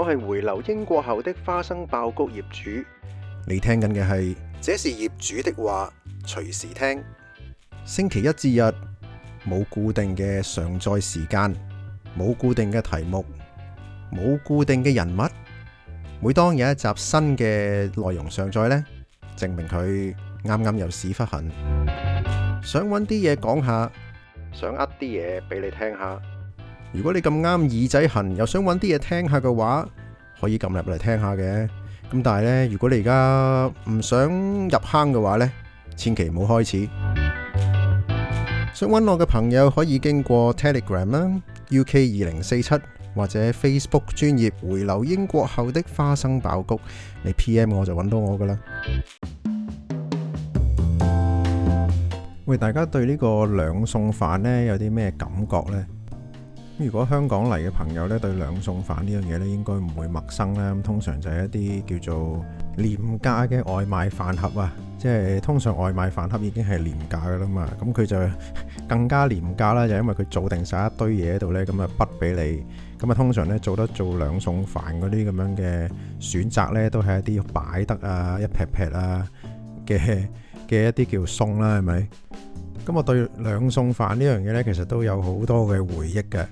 我係回流英國後的花生爆谷業主，你聽緊嘅係，這是業主的話，隨時聽。星期一至日冇固定嘅上載時間，冇固定嘅題目，冇固定嘅人物。每當有一集新嘅內容上載呢，證明佢啱啱有屎忽痕，想揾啲嘢講下，想噏啲嘢俾你聽下。如果你咁啱耳仔痕，又想揾啲嘢聽下嘅話，可以撳入嚟聽下嘅，咁但係呢，如果你而家唔想入坑嘅話呢，千祈唔好開始。想揾我嘅朋友可以經過 Telegram 啦，UK 二零四七或者 Facebook 專頁回流英國後的花生爆谷，你 PM 我就揾到我噶啦。喂，大家對呢個兩餸飯呢有啲咩感覺呢？如果香港嚟嘅朋友咧，對兩餸飯呢樣嘢咧，應該唔會陌生咧。咁通常就係一啲叫做廉價嘅外賣飯盒啊，即係通常外賣飯盒已經係廉價噶啦嘛。咁佢就更加廉價啦，就因為佢做定晒一堆嘢喺度咧，咁啊，筆俾你咁啊。通常咧，做得做兩餸飯嗰啲咁樣嘅選擇咧，都係一啲擺得啊，一劈劈啊嘅嘅一啲叫餸啦，係咪？咁我對兩餸飯呢樣嘢咧，其實都有好多嘅回憶嘅。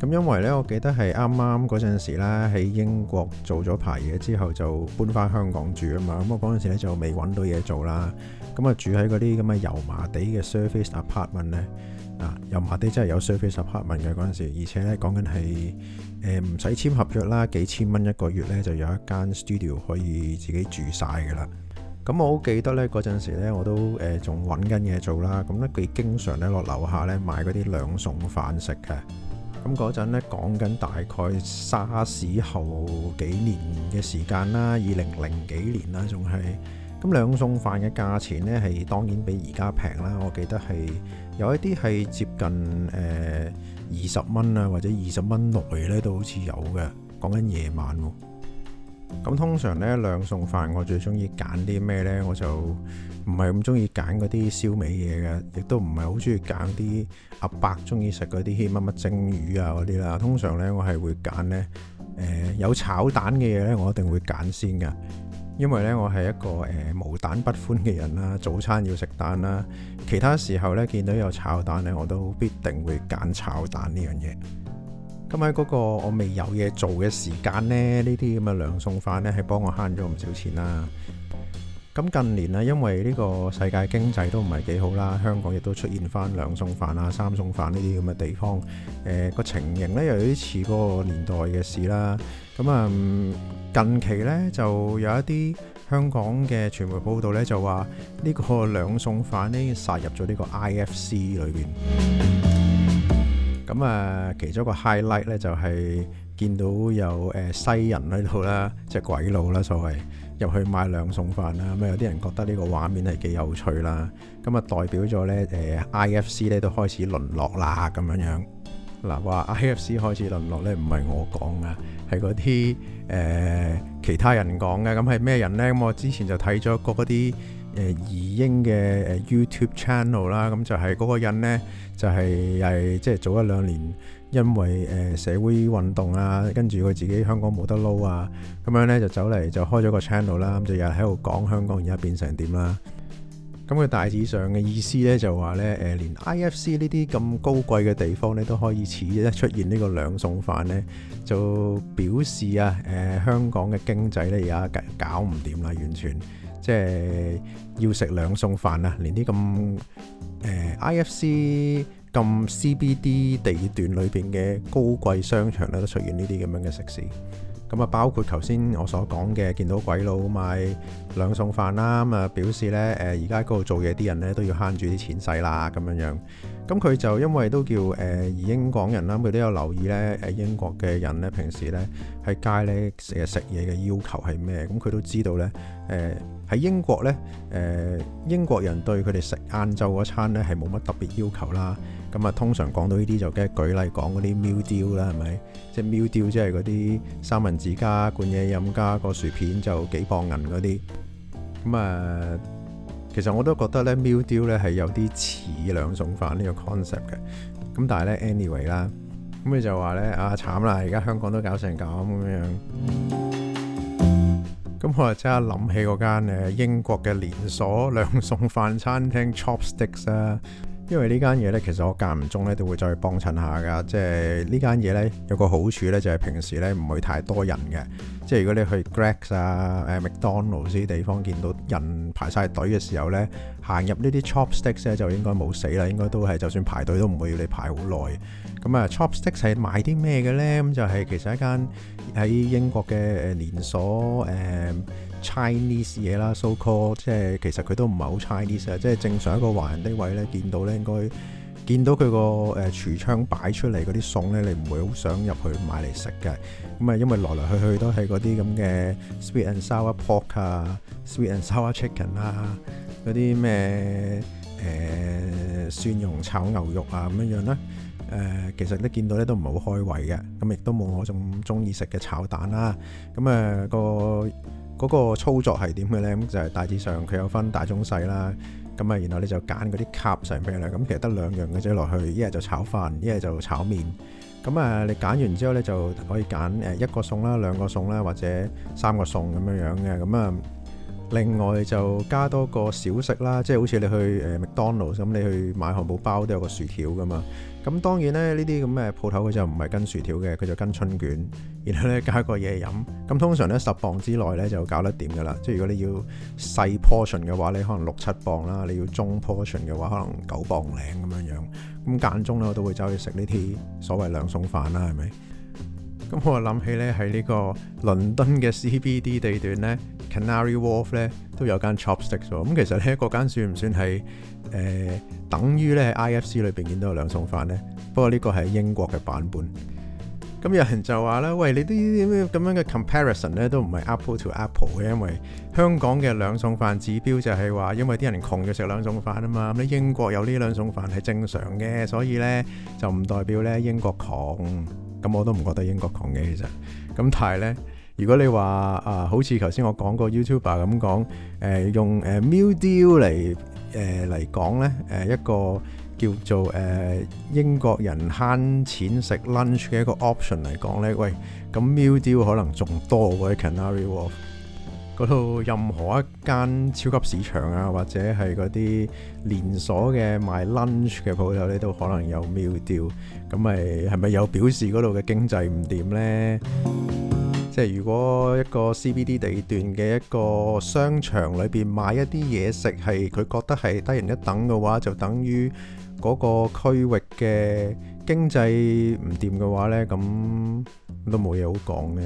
咁因為咧，我記得係啱啱嗰陣時咧，喺英國做咗排嘢之後，就搬翻香港住啊嘛。咁我嗰陣時咧就未揾到嘢做啦。咁啊住喺嗰啲咁嘅油麻地嘅 service apartment 咧、啊，啊油麻地真係有 service apartment 嘅嗰陣時，而且咧講緊係誒唔使簽合約啦，幾千蚊一個月咧就有一間 studio 可以自己住晒㗎啦。咁我好記得咧嗰陣時咧，我都誒仲揾緊嘢做啦。咁咧佢經常咧落樓下咧買嗰啲兩餸飯食嘅。咁嗰陣咧講緊大概沙士後幾年嘅時間啦，二零零幾年啦，仲係咁兩餸飯嘅價錢呢，係當然比而家平啦。我記得係有一啲係接近誒二十蚊啊，或者二十蚊內呢，都好似有嘅。講緊夜晚喎。咁通常呢兩餸飯我最中意揀啲咩呢？我就唔係咁中意揀嗰啲燒味嘢嘅，亦都唔係好中意揀啲阿伯中意食嗰啲乜乜蒸魚啊嗰啲啦。通常呢，我係會揀呢誒有炒蛋嘅嘢呢，我一定會揀先噶，因為呢，我係一個誒、呃、無蛋不歡嘅人啦，早餐要食蛋啦，其他時候呢，見到有炒蛋呢，我都必定會揀炒蛋呢樣嘢。咁喺嗰個我未有嘢做嘅時間咧，呢啲咁嘅兩餸飯咧，係幫我慳咗唔少錢啦。咁近年咧，因為呢個世界經濟都唔係幾好啦，香港亦都出現返兩餸飯啊、三餸飯呢啲咁嘅地方。誒，個情形咧又有啲似嗰個年代嘅事啦。咁啊，近期咧就有一啲香港嘅傳媒報道咧就話呢個兩餸飯咧殺入咗呢個 IFC 裏邊。咁啊、嗯，其中一個 highlight 咧就係見到有誒、呃、西人喺度啦，即係鬼佬啦，所謂入去買兩餸飯啦，咁、嗯、有啲人覺得呢個畫面係幾有趣啦，咁、嗯、啊、嗯、代表咗咧誒、呃、IFC 咧都開始淪落啦咁樣樣。嗱，話 IFC 開始淪落咧，唔係我講啊，係嗰啲誒其他人講嘅，咁係咩人咧？咁、嗯、我之前就睇咗個嗰啲。誒兒英嘅 YouTube channel 啦，咁就係嗰個人咧，就係係即係早一兩年，因為誒社會運動啊，跟住佢自己香港冇得撈啊，咁樣呢就走嚟就開咗個 channel 啦，咁就又喺度講香港而家變成點啦。咁佢大致上嘅意思呢，就話呢誒連 IFC 呢啲咁高貴嘅地方咧，都可以似一出現呢個兩餸飯呢，就表示啊，誒、呃、香港嘅經濟呢而家搞唔掂啦，完全。即係要食兩餸飯啊！連啲咁誒 IFC 咁 CBD 地段裏邊嘅高貴商場咧，都出現呢啲咁樣嘅食肆。咁啊，包括頭先我所講嘅見到鬼佬買兩餸飯啦，咁啊表示呢誒，而家喺嗰度做嘢啲人呢都要慳住啲錢使啦，咁樣樣。咁佢就因為都叫誒、呃、英港人啦，佢都有留意呢誒英國嘅人呢平時呢喺街呢成日食嘢嘅要求係咩？咁佢都知道呢誒喺英國呢，誒、呃、英國人對佢哋食晏晝嗰餐呢係冇乜特別要求啦。咁啊，通常講到呢啲就梗係舉例講嗰啲 meal deal 啦，係咪？即 meal deal 即係嗰啲三文治加罐嘢飲加個薯片就幾磅銀嗰啲。咁啊，其實我都覺得咧 meal deal 咧係有啲似兩餸飯呢個 concept 嘅。咁但係咧，anyway 啦，咁佢就話咧啊慘啦，而家香港都搞成咁咁樣。咁我啊即刻諗起嗰間誒英國嘅連鎖兩餸飯餐廳 Chopsticks 啊！因為呢間嘢呢，其實我間唔中咧都會再幫襯下噶，即係呢間嘢呢，有個好處呢，就係平時呢唔會太多人嘅，即係如果你去 Greggs 啊、誒、啊、麥當勞啲地方見到人排晒隊嘅時候呢，行入呢啲 Chopsticks 呢，就應該冇死啦，應該都係就算排隊都唔會要你排好耐。咁啊，Chopsticks 係賣啲咩嘅呢？咁就係其實一間喺英國嘅誒連鎖誒。嗯 Chinese 嘢啦，so called，即係其實佢都唔係好 Chinese 啊！即係正常一個華人的位呢位咧，見到咧應該見到佢個誒櫥窗擺出嚟嗰啲餸咧，你唔會好想入去買嚟食嘅。咁啊，因為來來去去都係嗰啲咁嘅 sweet and sour pork 啊，sweet and sour chicken 啊，嗰啲咩誒蒜蓉炒牛肉啊咁樣樣啦。誒，其實咧見到咧都唔係好開胃嘅，咁亦都冇我咁中意食嘅炒蛋啦。咁誒個嗰個操作係點嘅咧？咁就係大致上佢有分大、中、細啦。咁啊，然後你就揀嗰啲鈣成份啦。咁其實得兩樣嘅啫，落去一係就炒飯，一係就炒麵。咁啊，你揀完之後咧就可以揀誒一個餸啦、兩個餸啦，或者三個餸咁樣樣嘅。咁啊，另外就加多個小食啦，即係好似你去誒麥當勞咁，你去買漢堡包都有個薯條噶嘛。咁當然咧，呢啲咁嘅鋪頭佢就唔係跟薯條嘅，佢就跟春卷，然後咧加個嘢飲。咁通常咧十磅之內咧就搞得掂噶啦。即係如果你要細 portion 嘅話，你可能六七磅啦；你要中 portion 嘅話，可能九磅零咁樣樣。咁間中咧我都會走去食呢啲所謂兩餸飯啦，係咪？咁我就諗起咧喺呢個倫敦嘅 CBD 地段咧。Canary Wharf 咧都有間 chopsticks 喎、哦，咁、嗯、其實咧嗰間算唔算係誒、呃、等於咧 IFC 裏邊見到有兩餸飯呢？不過呢個係英國嘅版本。咁、嗯、有人就話啦，喂，你啲咁樣嘅 comparison 咧都唔係 apple to apple 嘅，因為香港嘅兩餸飯指標就係話，因為啲人窮要食兩餸飯啊嘛。咁、嗯、英國有呢兩餸飯係正常嘅，所以咧就唔代表咧英國窮。咁、嗯嗯、我都唔覺得英國窮嘅，其實咁、嗯、但係咧。如果你話啊，好似頭先我講過 YouTuber 咁講，誒用誒 meal deal 嚟誒嚟講咧，誒一個叫做誒英國人慳錢食 lunch 嘅一個 option 嚟講咧，喂，咁 meal deal 可能仲多喎，喺 Canary Wharf 嗰度，任何一間超級市場啊，或者係嗰啲連鎖嘅賣 lunch 嘅鋪頭，你都可能有 meal deal，咁咪係咪有表示嗰度嘅經濟唔掂咧？即係如果一個 CBD 地段嘅一個商場裏邊買一啲嘢食係佢覺得係低人一等嘅話，就等於嗰個區域嘅經濟唔掂嘅話呢，咁都冇嘢好講嘅。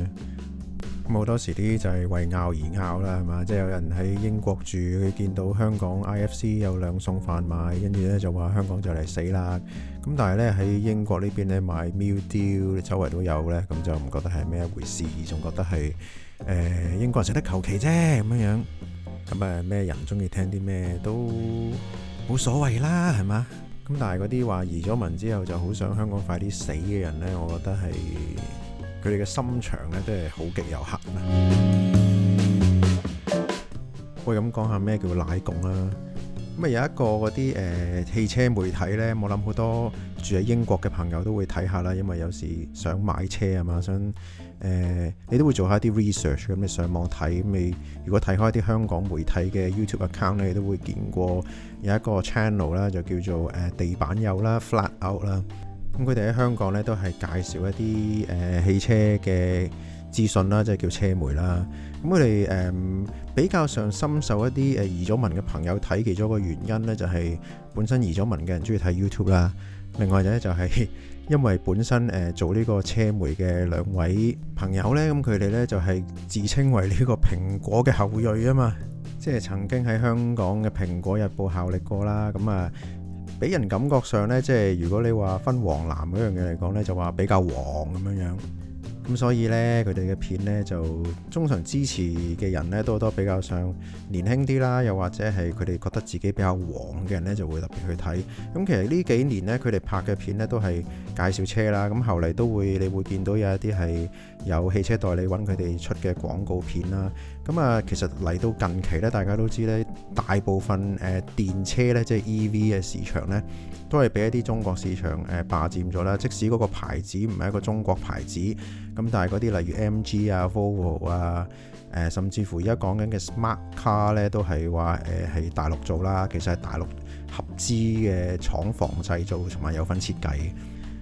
咁好多時啲就係為拗而拗啦，係嘛？即係有人喺英國住，佢見到香港 IFC 有兩餸飯賣，跟住咧就話香港就嚟死啦。咁但係咧喺英國呢邊咧買 meal deal，周圍都有咧，咁就唔覺得係咩一回事，仲覺得係誒、呃、英國、呃、人食得求其啫咁樣樣。咁誒咩人中意聽啲咩都冇所謂啦，係嘛？咁但係嗰啲話移咗民之後就好想香港快啲死嘅人咧，我覺得係。佢哋嘅心腸咧，都係好極有限。喂，咁講下咩叫奶共啦、啊？咁啊有一個嗰啲誒汽車媒體呢，我諗好多住喺英國嘅朋友都會睇下啦，因為有時想買車啊嘛，想誒、呃、你都會做下啲 research，咁你上網睇，咁你如果睇開啲香港媒體嘅 YouTube account 咧，你都會見過有一個 channel 啦，就叫做誒地板油啦，Flat Out 啦。咁佢哋喺香港咧都係介紹一啲誒汽車嘅資訊啦，即係叫車媒啦。咁佢哋誒比較上深受一啲誒移咗民嘅朋友睇，其中一個原因咧，就係本身移咗民嘅人中意睇 YouTube 啦。另外就咧就係因為本身誒做呢個車媒嘅兩位朋友咧，咁佢哋咧就係自稱為呢個蘋果嘅後裔啊嘛，即係曾經喺香港嘅《蘋果日報》效力過啦。咁啊～俾人感覺上呢，即係如果你話分黃藍嗰樣嘢嚟講呢，就話比較黃咁樣樣。咁所以呢，佢哋嘅片呢，就通常支持嘅人呢，都多比較上年輕啲啦，又或者係佢哋覺得自己比較黃嘅人呢，就會特別去睇。咁、嗯、其實呢幾年呢，佢哋拍嘅片呢，都係介紹車啦。咁後嚟都會，你會見到有一啲係有汽車代理揾佢哋出嘅廣告片啦。咁、嗯、啊，其實嚟到近期呢，大家都知呢，大部分誒、呃、電車呢，即係 EV 嘅市場呢。都係俾一啲中國市場誒霸佔咗啦，即使嗰個牌子唔係一個中國牌子，咁但係嗰啲例如 MG 啊、Volvo 啊、誒、呃、甚至乎而家講緊嘅 Smart Car 咧，都係話誒係大陸做啦，其實係大陸合資嘅廠房製造，同埋有份設計。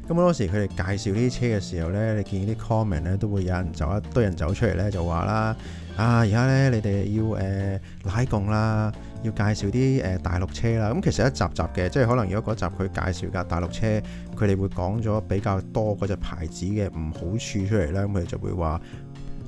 咁好、嗯、多時佢哋介紹呢啲車嘅時候呢，你見啲 comment 咧都會有人走，一堆人走出嚟呢就話啦，啊而家呢，你哋要誒、呃、拉共啦，要介紹啲誒、呃、大陸車啦。咁、嗯、其實一集集嘅，即係可能如果嗰集佢介紹架大陸車，佢哋會講咗比較多嗰隻牌子嘅唔好處出嚟啦，咁佢哋就會話。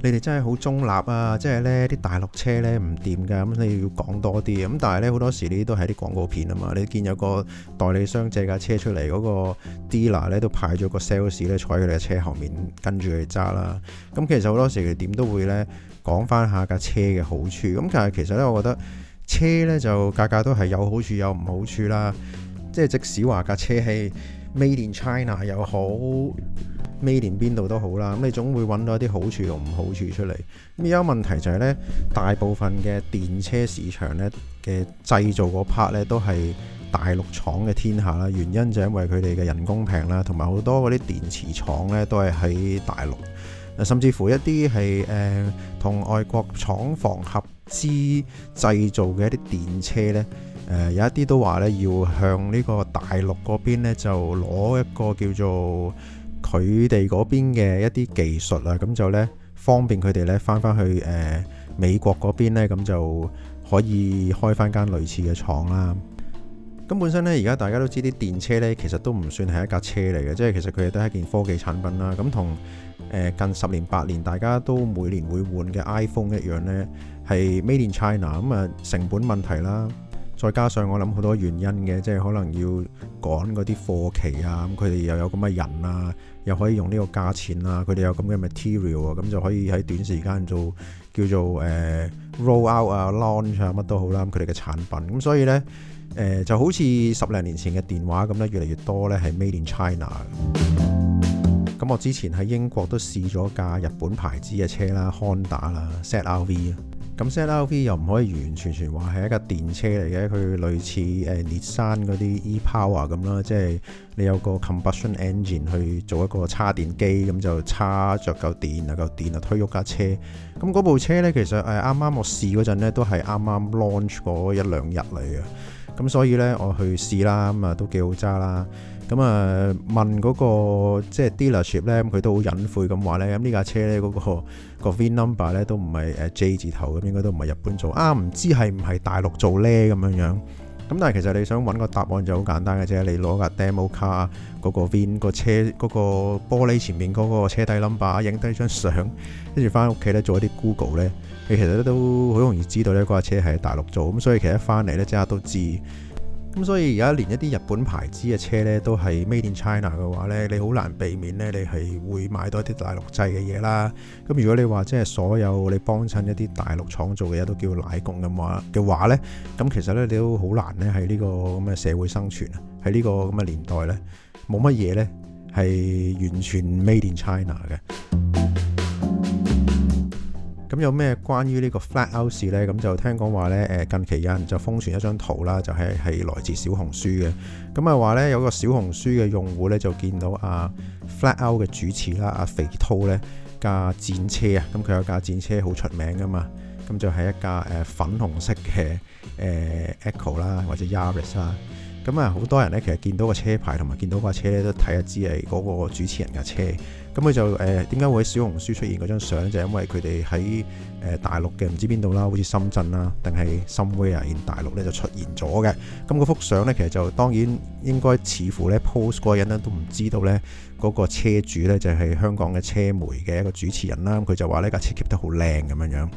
你哋真係好中立啊！即係呢啲大陸車呢唔掂噶，咁、嗯、你要講多啲啊！咁、嗯、但係呢好多時呢都係啲廣告片啊嘛！你見有個代理商借架車出嚟，嗰、嗰個 dealer 呢都派咗個 sales 咧坐喺佢嘅車後面跟住佢揸啦。咁、嗯、其實好多時點都會呢講返下架車嘅好處。咁、嗯、但係其實呢，我覺得車呢就價格都係有好處有唔好處啦。即係即使話架車係 made in China 又好。尾年邊度都好啦，咁你總會揾到一啲好處同唔好處出嚟。咁而家問題就係、是、呢大部分嘅電車市場呢嘅製造個 part 呢都係大陸廠嘅天下啦。原因就係因為佢哋嘅人工平啦，同埋好多嗰啲電池廠呢都係喺大陸。甚至乎一啲係誒同外國廠房合資製造嘅一啲電車呢，誒、呃、有一啲都話呢要向呢個大陸嗰邊呢就攞一個叫做。佢哋嗰邊嘅一啲技術啊，咁就呢方便佢哋呢返返去誒、呃、美國嗰邊呢，咁就可以開返間類似嘅廠啦。咁本身呢，而家大家都知啲電車呢，其實都唔算係一架車嚟嘅，即係其實佢哋都係一件科技產品啦。咁同誒近十年八年大家都每年會換嘅 iPhone 一樣呢，係 Made in China 咁啊，成本問題啦。再加上我諗好多原因嘅，即係可能要趕嗰啲貨期啊，咁佢哋又有咁嘅人啊，又可以用呢個價錢啊，佢哋有咁嘅 material 啊，咁就可以喺短時間做叫做誒、呃、roll out 啊、launch 啊乜都好啦，佢哋嘅產品。咁所以呢，誒、呃、就好似十零年前嘅電話咁咧，越嚟越多呢係 made in China。咁我之前喺英國都試咗架日本牌子嘅車啦，Honda 啦，ZR-V。咁 set L V 又唔可以完完全全話係一架電車嚟嘅，佢類似誒 Nissan 嗰啲 e power 咁啦，即係你有個 combustion engine 去做一個叉電機，咁就叉著嚿電，嚿電啊推喐架車。咁嗰部車呢，其實誒啱啱我試嗰陣咧，都係啱啱 launch 嗰一兩日嚟嘅。咁所以呢，我去試啦，咁啊都幾好揸啦。咁啊，問嗰個即係 dealership 咧，佢都好隱晦咁話咧，咁呢架車咧嗰個個 vin number 咧都唔係誒 J 字頭咁，應該都唔係日本做啊，唔知係唔係大陸做咧咁樣樣。咁但係其實你想揾個答案就好簡單嘅啫，你攞架 demo car 嗰個，個 vin 個車嗰個玻璃前面嗰個車底 number 影低張相，跟住翻屋企咧做一啲 Google 咧，你其實都好容易知道呢，嗰架車係大陸做，咁所以其實一翻嚟咧即刻都知。咁所以而家連一啲日本牌子嘅車咧都係 Made in China 嘅話咧，你好難避免咧，你係會買到一啲大陸製嘅嘢啦。咁如果你話即係所有你幫襯一啲大陸廠做嘅嘢都叫奶共咁話嘅話咧，咁其實咧你都好難咧喺呢個咁嘅社會生存啊！喺呢個咁嘅年代咧，冇乜嘢咧係完全 Made in China 嘅。咁有咩關於呢個 Flat Out 事呢？咁就聽講話呢，誒近期有人就瘋傳一張圖啦，就係、是、係來自小紅書嘅，咁啊話呢，有個小紅書嘅用戶、啊啊啊、呢，就見到阿 Flat Out 嘅主持啦，阿肥濤呢，架戰車啊，咁佢有架戰車好出名噶嘛，咁就係一架誒粉紅色嘅誒、呃、Echo 啦，或者 Yaris 啦。咁啊，好多人咧，其實見到個車牌同埋見到個車咧，都睇一知係嗰個主持人嘅車。咁佢就誒點解會喺小紅書出現嗰張相？就係因為佢哋喺誒大陸嘅唔知邊度啦，好似深圳啦，定係深威啊，然大陸咧就出現咗嘅。咁嗰幅相咧，其實就當然應該似乎咧 post 嗰個人咧都唔知道咧嗰個車主咧就係香港嘅車媒嘅一個主持人啦。咁佢就話呢架車 keep 得好靚咁樣樣。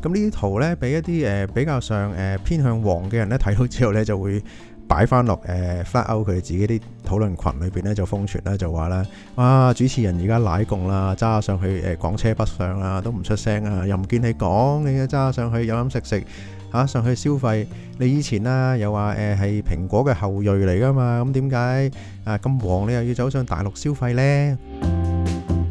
咁呢啲圖咧，俾一啲誒比較上誒偏向黃嘅人咧睇到之後咧就會。擺翻落誒 FlatOut 佢哋自己啲討論羣裏邊咧，就瘋傳咧，就話咧，哇！主持人而家奶共啦，揸上去誒講車北上啊，都唔出聲啊，又唔見你講，你揸上去飲飲食食嚇，上去消費，你以前啦又話誒係蘋果嘅後裔嚟噶嘛，咁點解啊咁黃你又要走上大陸消費咧？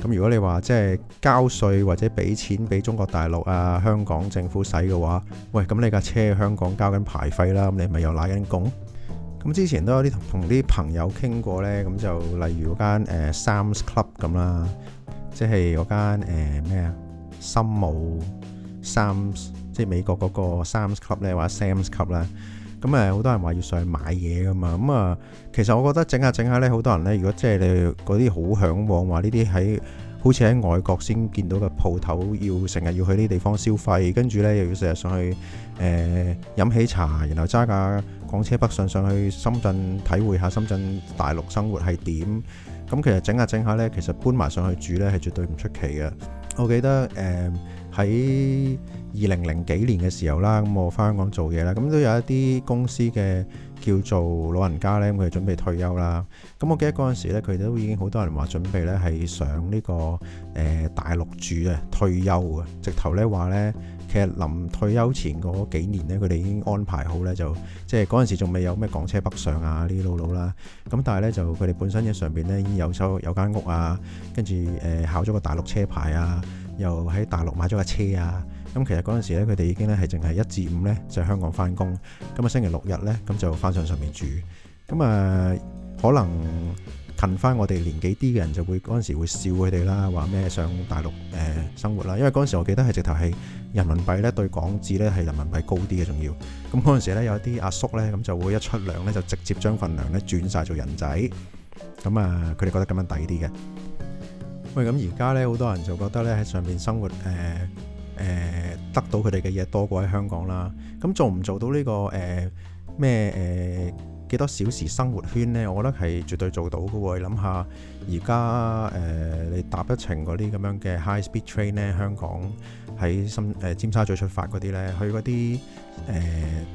咁如果你話即係交稅或者俾錢俾中國大陸啊、香港政府使嘅話，喂，咁你架車喺香港交緊牌費啦，咁你咪又拿緊工？咁之前都有啲同啲朋友傾過咧，咁就例如嗰間誒 Sam's Club 咁啦，即係嗰間誒咩啊，森姆 Sam's，即係美國嗰個 Sam's Club 咧，或者 Sam's Club 啦。咁誒，好、嗯、多人話要上去買嘢㗎嘛，咁、嗯、啊，其實我覺得整下整下呢，好多人呢，如果即係你嗰啲好向往話，呢啲喺好似喺外國先見到嘅鋪頭，要成日要去呢啲地方消費，跟住呢，又要成日上去誒、呃、飲喜茶，然後揸架港車北上上去深圳體會下深圳大陸生活係點，咁、嗯、其實整下整下呢，其實搬埋上去住呢，係絕對唔出奇嘅。我記得誒喺，呃二零零幾年嘅時候啦，咁我翻香港做嘢啦，咁都有一啲公司嘅叫做老人家呢，佢哋準備退休啦。咁我記得嗰陣時咧，佢哋都已經好多人話準備呢係上呢個誒、呃、大陸住啊，退休啊，直頭呢話呢，其實臨退休前嗰幾年呢，佢哋已經安排好呢，就即係嗰陣時仲未有咩港車北上啊，呢啲撈佬啦。咁但係呢，就佢哋本身喺上邊呢，已經有收有間屋啊，跟住誒考咗個大陸車牌啊，又喺大陸買咗架車啊。咁其實嗰陣時咧，佢哋已經咧係淨係一至五咧就喺香港返工，咁啊星期六日咧咁就返上上面住。咁啊，可能近返我哋年紀啲嘅人就會嗰陣時會笑佢哋啦，話咩上大陸誒生活啦。因為嗰陣時我記得係直頭係人民幣咧對港紙咧係人民幣高啲嘅仲要。咁嗰陣時咧有啲阿叔咧咁就會一出糧咧就直接將份糧咧轉曬做人仔。咁啊，佢哋覺得咁樣抵啲嘅。喂，咁而家咧好多人就覺得咧喺上面生活誒。誒得到佢哋嘅嘢多過喺香港啦，咁做唔做到呢個誒咩誒幾多小時生活圈呢？我覺得係絕對做到㗎喎，你諗下而家誒你搭一程嗰啲咁樣嘅 high speed train 呢，香港。喺深誒尖沙咀出發嗰啲呢，去嗰啲誒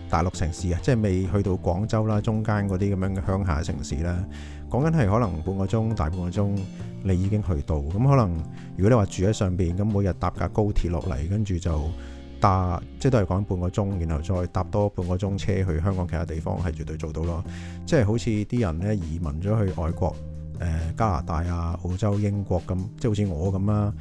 大陸城市啊，即係未去到廣州啦，中間嗰啲咁樣嘅鄉下城市啦，講緊係可能半個鐘、大半個鐘，你已經去到。咁可能如果你話住喺上邊，咁每日搭架高鐵落嚟，跟住就搭，即係都係講半個鐘，然後再搭多半個鐘車去香港其他地方，係絕對做到咯。即係好似啲人呢，移民咗去外國，誒、呃、加拿大啊、澳洲、英國咁，即係好似我咁啦。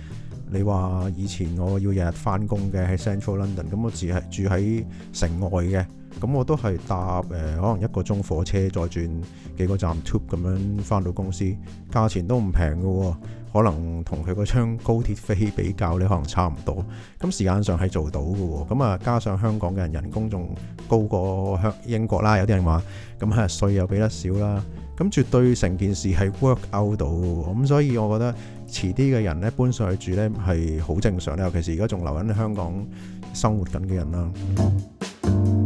你話以前我要日日翻工嘅喺 Central London，咁、嗯、我只係住喺城外嘅，咁、嗯、我都係搭誒、呃、可能一個鐘火車，再轉幾個站 tube 咁樣翻到公司，價錢都唔平㗎喎。可能同佢嗰張高鐵飛比較咧，可能差唔多。咁時間上係做到嘅喎。咁啊，加上香港嘅人人工仲高過香英國啦，有啲人話。咁啊，稅又俾得少啦。咁絕對成件事係 work out 到。咁所以我覺得遲啲嘅人咧搬上去住咧係好正常咧，尤其是而家仲留緊香港生活緊嘅人啦。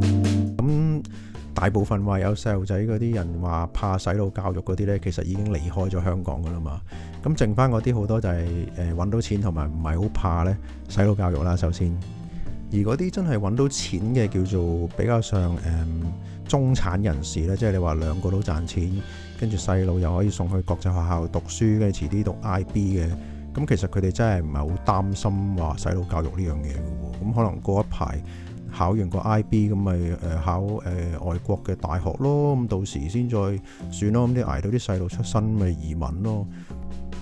大部分話有細路仔嗰啲人話怕洗腦教育嗰啲呢，其實已經離開咗香港噶啦嘛。咁剩翻嗰啲好多就係揾到錢同埋唔係好怕呢洗腦教育啦。首先，而嗰啲真係揾到錢嘅叫做比較上、嗯、中產人士呢，即係你話兩個都賺錢，跟住細路又可以送去國際學校讀書，跟住遲啲讀 IB 嘅。咁其實佢哋真係唔係好擔心話洗腦教育呢樣嘢喎。咁可能過一排。考完個 IB，咁咪誒考誒外國嘅大學咯，咁到時先再算咯，咁啲捱到啲細路出身咪移民咯，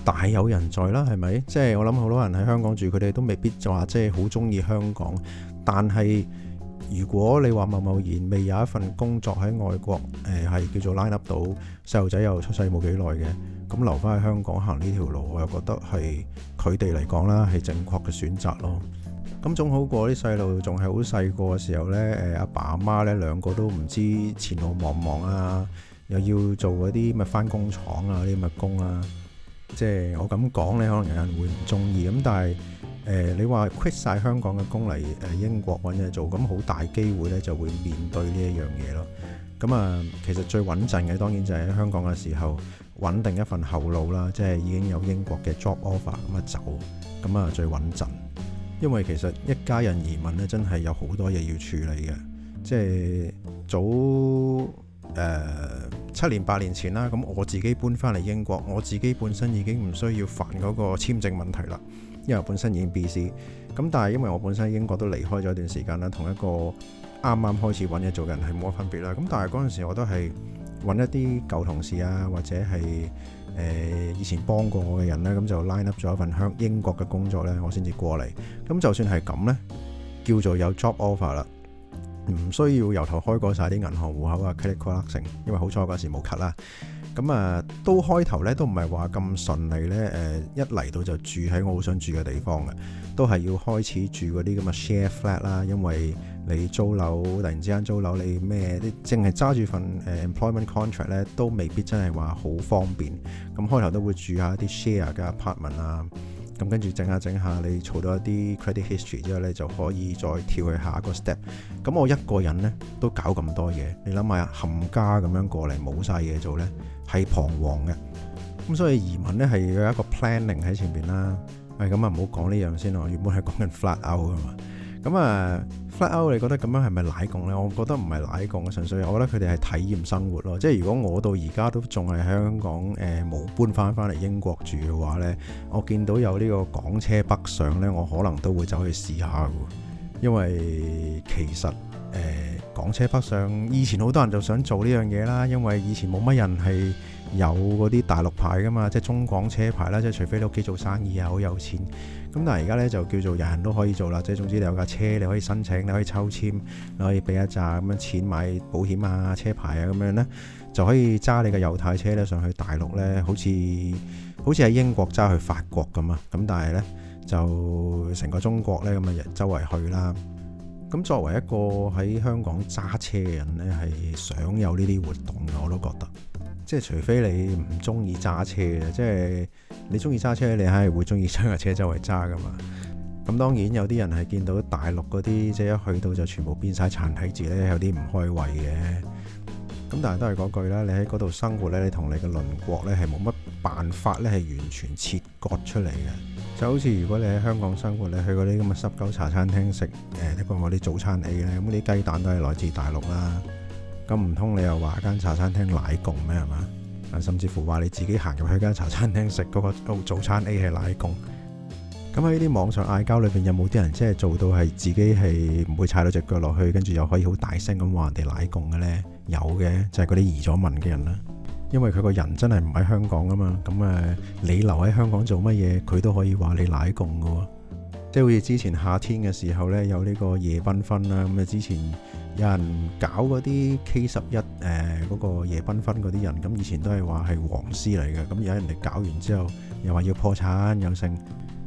大有人在啦，係咪？即係我諗好多人喺香港住，佢哋都未必就話即係好中意香港，但係如果你話貿貿然未有一份工作喺外國誒係叫做 line up 到細路仔又出世冇幾耐嘅，咁留翻喺香港行呢條路，我又覺得係佢哋嚟講啦係正確嘅選擇咯。咁總好過啲細路，仲係好細個嘅時候咧，誒阿爸阿媽咧兩個都唔知前路茫茫啊，又要做嗰啲咪返工廠啊啲咁嘅工啦。即係我咁講咧，可能有人會唔中意。咁但係誒你話 quit 曬香港嘅工嚟誒英國揾嘢做，咁好大機會咧就會面對呢一樣嘢咯。咁啊，其實最穩陣嘅當然就係喺香港嘅時候穩定一份後路啦，即係已經有英國嘅 job offer 咁啊走，咁啊最穩陣。因為其實一家人移民咧，真係有好多嘢要處理嘅。即係早誒七年八年前啦，咁我自己搬翻嚟英國，我自己本身已經唔需要煩嗰個簽證問題啦，因為本身已經 B.C. 咁，但係因為我本身，我本身英國都離開咗一段時間啦，同一個啱啱開始揾嘢做嘅人係冇乜分別啦。咁但係嗰陣時我都係揾一啲舊同事啊，或者係。誒以前幫過我嘅人呢，咁就 line up 咗一份香英國嘅工作呢。我先至過嚟。咁就算係咁呢，叫做有 job offer 啦，唔需要由頭開過晒啲銀行戶口啊，credit card 成。因為好彩嗰時冇 cut 啦。咁啊，都開頭呢，都唔係話咁順利呢。誒、呃，一嚟到就住喺我好想住嘅地方嘅，都係要開始住嗰啲咁嘅 share flat 啦，因為。你租樓突然之間租樓，你咩啲？淨係揸住份 employment contract 咧，都未必真係話好方便。咁開頭都會住下一啲 share 嘅 apartment 啊。咁跟住整下整下，你儲到一啲 credit history 之後咧，就可以再跳去下一個 step。咁我一個人咧都搞咁多嘢，你諗下啊，冚家咁樣過嚟冇晒嘢做咧，係彷徨嘅。咁所以移民咧係要有一個 planning 喺前邊啦。喂，咁啊唔好講呢樣先啊，原本係講緊 flat out 噶嘛。咁啊～你覺得咁樣係咪奶共呢？我覺得唔係奶共，嘅純粹我覺得佢哋係體驗生活咯。即係如果我到而家都仲係香港誒冇，呃、搬翻翻嚟英國住嘅話呢，我見到有呢個港車北上呢，我可能都會走去試下喎。因為其實誒，呃、港車北上以前好多人就想做呢樣嘢啦，因為以前冇乜人係。有嗰啲大陸牌㗎嘛，即係中港車牌啦。即係除非你屋企做生意啊，好有錢咁。但係而家呢，就叫做人人都可以做啦。即係總之你有架車，你可以申請，你可以抽籤，你可以俾一紮咁樣錢買保險啊、車牌啊咁樣呢，就可以揸你嘅右軚車咧上去大陸呢，好似好似喺英國揸去法國咁啊。咁但係呢，就成個中國呢，咁啊，周圍去啦。咁作為一個喺香港揸車嘅人呢，係想有呢啲活動嘅，我都覺得。即係除非你唔中意揸車嘅，即係你中意揸車，你係會中意揸架車周圍揸㗎嘛。咁當然有啲人係見到大陸嗰啲，即係一去到就全部變晒殘體字咧，有啲唔開胃嘅。咁但係都係嗰句啦，你喺嗰度生活咧，你同你嘅鄰國咧係冇乜辦法咧，係完全切割出嚟嘅。就好似如果你喺香港生活，你去嗰啲咁嘅濕狗茶餐廳食誒一個我啲早餐 A 嘅，咁啲雞蛋都係來自大陸啦。咁唔通你又話間茶餐廳奶共咩係嘛？甚至乎話你自己行入去間茶餐廳食嗰個早餐 A 係奶共。咁喺呢啲網上嗌交裏邊，有冇啲人即係做到係自己係唔會踩到隻腳落去，跟住又可以好大聲咁話人哋奶共嘅呢？有嘅就係嗰啲移咗民嘅人啦。因為佢個人真係唔喺香港啊嘛。咁誒，你留喺香港做乜嘢，佢都可以話你奶共嘅喎。即係好似之前夏天嘅時候呢，有呢個夜繽紛啦。咁啊，之前。有人搞嗰啲 K 十一、呃，誒、那、嗰個夜繽紛嗰啲人，咁以前都係話係黃絲嚟嘅，咁有人哋搞完之後，又話要破產又，又剩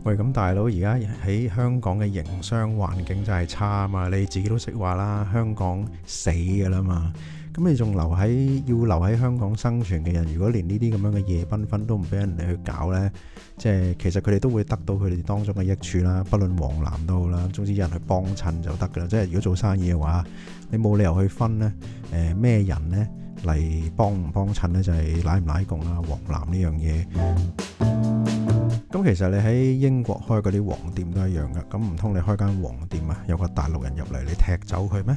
喂，咁大佬，而家喺香港嘅營商環境真係差啊嘛，你自己都識話啦，香港死㗎啦嘛。咁你仲留喺要留喺香港生存嘅人，如果連呢啲咁樣嘅夜繽紛都唔俾人哋去搞呢，即係其實佢哋都會得到佢哋當中嘅益處啦，不論黃藍都好啦，總之有人去幫襯就得噶啦。即係如果做生意嘅話，你冇理由去分呢？誒、呃、咩人呢？嚟幫唔幫襯呢？就係奶唔奶共啦，黃藍呢樣嘢。咁其實你喺英國開嗰啲黃店都一樣噶，咁唔通你開間黃店啊？有個大陸人入嚟，你踢走佢咩？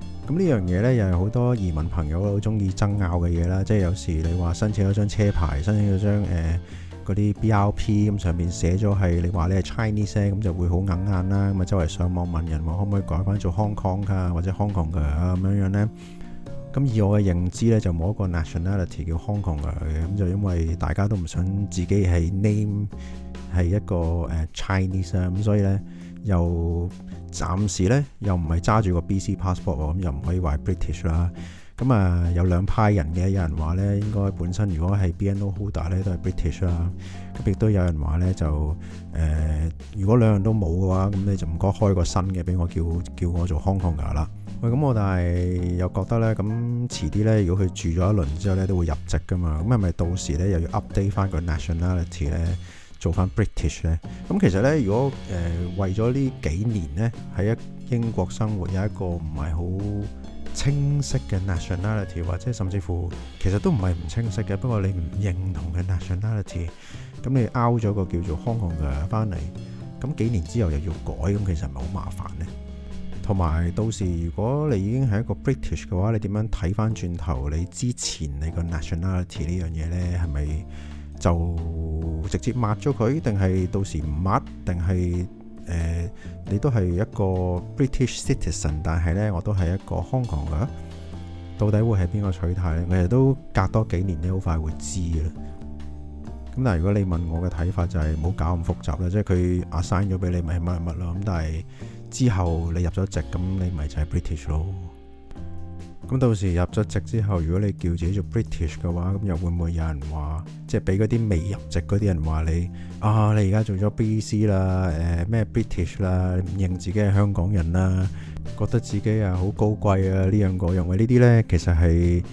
咁呢樣嘢咧，又係好多移民朋友好鍾意爭拗嘅嘢啦。即係有時你話申請咗張車牌，申請咗張誒嗰啲 BRP，咁上面寫咗係你話你係 Chinese，咁就會好硬硬啦。咁啊周圍上網問人話可唔可以改翻做 Hong Kong 啊，或者 Hong Konger 啊咁樣樣咧。咁以我嘅認知咧，就冇一個 nationality 叫 Hong Konger 嘅。咁就因為大家都唔想自己係 name 係一個誒 Chinese 啊，咁所以咧。又暫時咧，又唔係揸住個 B.C. passport 喎，咁又唔可以話 British 啦。咁啊，有兩派人嘅，有人話咧，應該本身如果係 B.N.O. holder 咧，都係 British 啦。咁亦都有人話咧，就誒、呃，如果兩樣都冇嘅話，咁你就唔該開個新嘅俾我，叫叫我做 Hong Konger 啦。喂，咁我但係又覺得咧，咁遲啲咧，如果佢住咗一輪之後咧，都會入籍噶嘛。咁係咪到時咧又要 update 翻個 nationality 咧？做翻 British 咧，咁其實咧，如果誒、呃、為咗呢幾年咧喺一英國生活，有一個唔係好清晰嘅 nationality，或者甚至乎其實都唔係唔清晰嘅，不過你唔認同嘅 nationality，咁你 out 咗個叫做香港嘅翻嚟，咁幾年之後又要改，咁其實唔係好麻煩呢。同埋到時如果你已經係一個 British 嘅話，你點樣睇翻轉頭你之前你個 nationality 呢樣嘢咧係咪，是就直接抹咗佢，定係到時唔抹，定係誒？你都係一個 British citizen，但係呢，我都係一個香港嘅。到底會係邊個取替咧？我哋都隔多幾年，你好快會知嘅。咁但係如果你問我嘅睇法，就係，就係唔好搞咁複雜啦。即係佢 assign 咗俾你，咪係乜乜咯？咁但係之後你入咗籍，咁你咪就係 British 咯。咁到時入咗籍之後，如果你叫自己做 British 嘅話，咁又會唔會有人話，即係俾嗰啲未入籍嗰啲人話你啊，你而家做咗 BC 啦，誒咩 British 啦，唔認自己係香港人啦，覺得自己啊好高貴啊呢樣嗰樣嘅呢啲呢，其實係。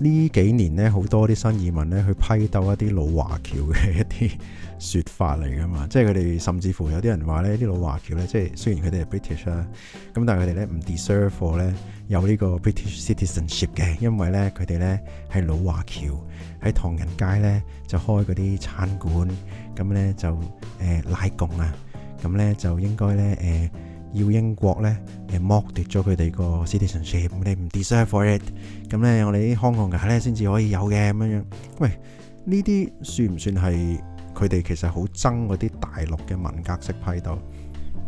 呢幾年咧，好多啲新移民咧去批鬥一啲老華僑嘅一啲說法嚟噶嘛，即係佢哋甚至乎有啲人話咧，啲老華僑咧，即係雖然佢哋係 British 啦，咁但係佢哋咧唔 deserve 咧有呢個 British citizenship 嘅，因為咧佢哋咧係老華僑喺唐人街咧就開嗰啲餐館，咁咧就誒、呃、拉共啊，咁咧就應該咧誒。呃要英國咧嚟剝奪咗佢哋個 citizenship，你唔 deserve for it。咁咧，我哋啲香港人咧先至可以有嘅咁樣。喂，呢啲算唔算係佢哋其實好憎嗰啲大陸嘅文革式批鬥？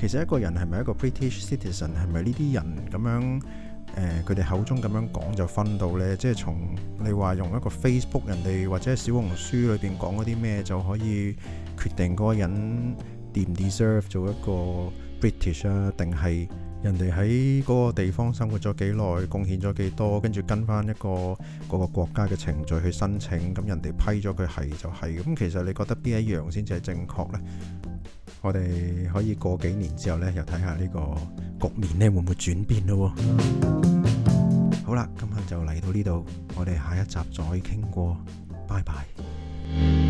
其實一個人係咪一個 British citizen 係咪呢啲人咁樣？誒，佢哋口中咁樣講就分到咧，即係從你話用一個 Facebook 人哋或者小紅書裏邊講嗰啲咩就可以決定嗰個人唔 deserve 做一個？British 啊，定係人哋喺嗰個地方生活咗幾耐，貢獻咗幾多，跟住跟翻一個嗰個國家嘅程序去申請，咁人哋批咗佢係就係。咁其實你覺得邊一樣先至係正確呢？我哋可以過幾年之後呢，又睇下呢個局面呢會唔會轉變咯？好啦，今晚就嚟到呢度，我哋下一集再傾過，拜拜。